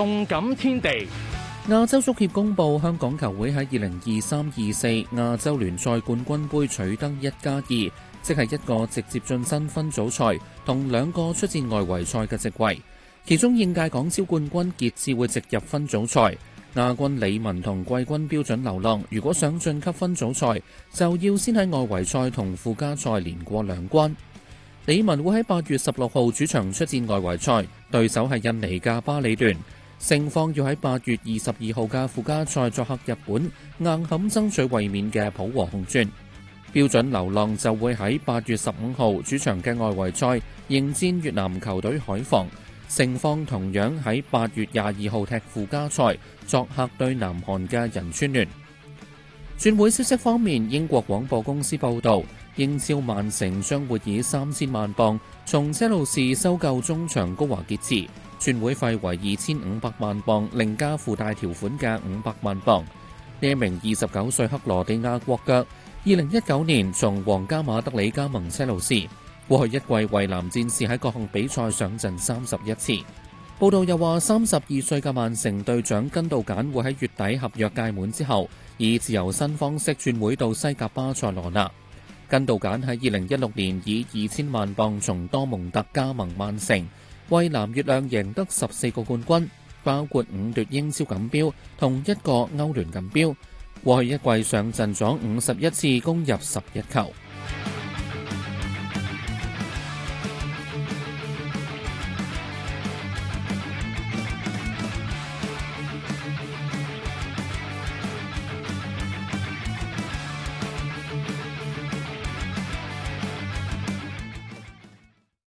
動感天地，亞洲足協公佈香港球會喺二零二三二四亞洲聯賽冠軍盃取得一加二，2，即係一個直接晉身分組賽同兩個出戰外圍賽嘅席位。其中，應屆港超冠軍傑志會直入分組賽，亞軍李文同季軍標準流浪如果想晉級分組賽，就要先喺外圍賽同附加賽連過兩關。李文會喺八月十六號主場出戰外圍賽，對手係印尼嘅巴里聯。盛況要喺八月二十二號嘅附加賽作客日本，硬撼爭取衛冕嘅普和紅鑽。標準流浪就會喺八月十五號主場嘅外圍賽迎戰越南球隊海防。盛況同樣喺八月廿二號踢附加賽，作客對南韓嘅仁川聯。轉會消息方面，英國廣播公司報道，英超曼城將會以三千萬鎊從車路士收購中場高華杰治。轉會費為二千五百萬鎊，另加附帶條款價五百萬鎊。呢一名二十九歲克羅地亞國腳，二零一九年從皇家馬德里加盟車路士，過去一季為藍戰士喺各項比賽上陣三十一次。報道又話，三十二歲嘅曼城隊長根度簡會喺月底合約屆滿之後，以自由身方式轉會到西甲巴塞羅那。根度簡喺二零一六年以二千萬鎊從多蒙特加盟曼城。為藍月亮贏得十四個冠軍，包括五奪英超錦標同一個歐聯錦標。過去一季上陣咗五十一次，攻入十一球。